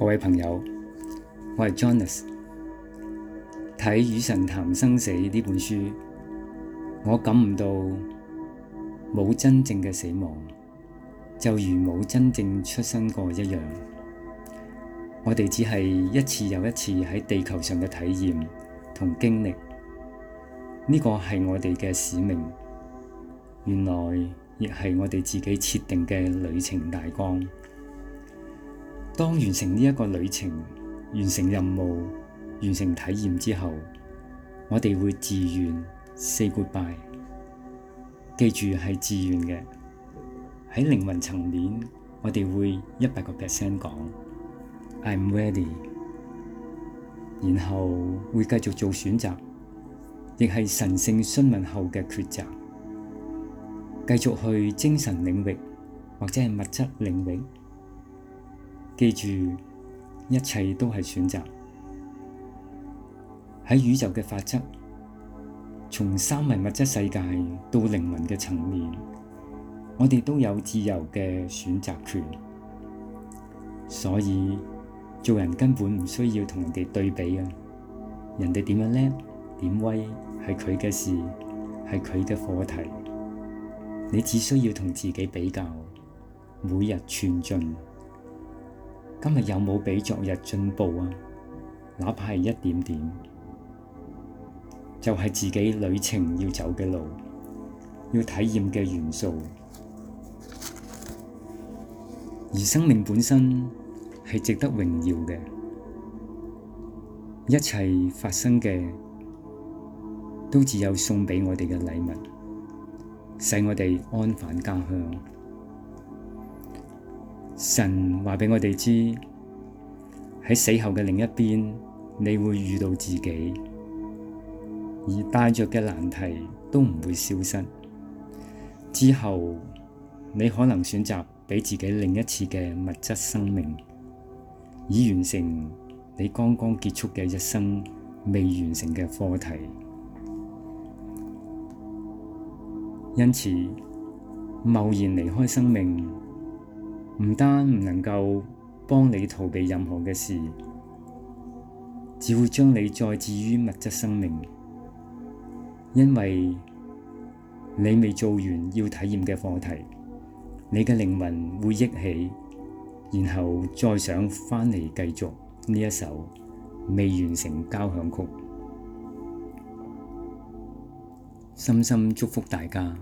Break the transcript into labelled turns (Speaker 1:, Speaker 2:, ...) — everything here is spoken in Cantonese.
Speaker 1: 各位朋友，我係 Jonas，睇《與神談生死》呢本書，我感悟到冇真正嘅死亡，就如冇真正出生過一樣。我哋只係一次又一次喺地球上嘅體驗同經歷，呢、呢個係我哋嘅使命，原來亦係我哋自己設定嘅旅程大綱。當完成呢一個旅程、完成任務、完成體驗之後，我哋會自願 say goodbye，記住係自願嘅。喺靈魂層面，我哋會一百個 percent 講 I'm ready，然後會繼續做選擇，亦係神聖詢問後嘅抉擇，繼續去精神領域或者係物質領域。記住，一切都係選擇。喺宇宙嘅法則，從三維物質世界到靈魂嘅層面，我哋都有自由嘅選擇權。所以做人根本唔需要同人哋對比啊！人哋點樣叻、點威係佢嘅事，係佢嘅課題。你只需要同自己比較，每日寸進。今日有冇比昨日進步啊？哪怕係一點點，就係自己旅程要走嘅路，要體驗嘅元素。而生命本身係值得榮耀嘅，一切發生嘅都只有送畀我哋嘅禮物，使我哋安返家鄉。神話畀我哋知，喺死後嘅另一邊，你會遇到自己，而帶着嘅難題都唔會消失。之後，你可能選擇畀自己另一次嘅物質生命，以完成你剛剛結束嘅一生未完成嘅課題。因此，貿然離開生命，唔單唔能夠幫你逃避任何嘅事，只會將你再置於物質生命，因為你未做完要體驗嘅課題，你嘅靈魂會憶起，然後再想返嚟繼續呢一首未完成交響曲。深深祝福大家。